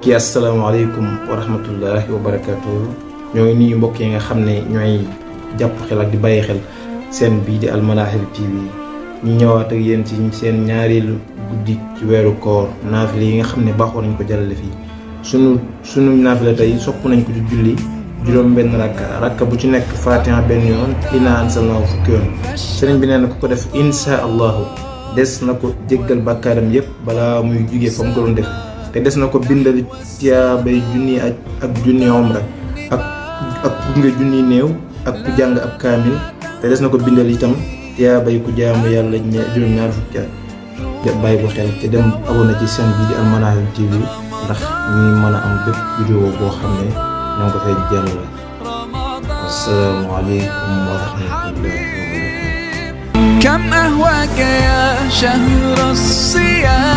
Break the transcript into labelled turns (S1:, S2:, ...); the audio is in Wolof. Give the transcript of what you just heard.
S1: ki asalaamaaleykum wa rahmatullahi wa ñoo ñooy nuyu mbokk yi nga xam ne ñooy jàpp xel ak di bàyyi xel seen bii di almalahib tv ñu ñëwaat ak yéen ci seen ñaareelu guddi ci weeru koor naafile yi nga xam ne baaxoo nañ ko jàllale fii suñu sunu naafile tey sopp nañ ko ci julli juróom benn rakka rakka bu ci nekk fatiha benn yoon inaa ansalnaahu fukki yoon sëriñ bi nee na ku ko def insha allahu des na ko jéggal bàkkaaram yépp balaa muy jugee fa ko doon def te des na ko bindal tiyaabay junni ak ak junni omra ak ak nga junni new ak ku jang ab kamil te des na ko bindal itam bay ku jaamu yàlla juróom-ñaar tia ya. ya bay bu xel te dem abonné ci seen bi di Al Manajou TV ndax
S2: ñuy mën am bëpp vidéo bo xamné ñango fay jël ko fay wa rahmatullahi
S3: كم أهواك
S4: يا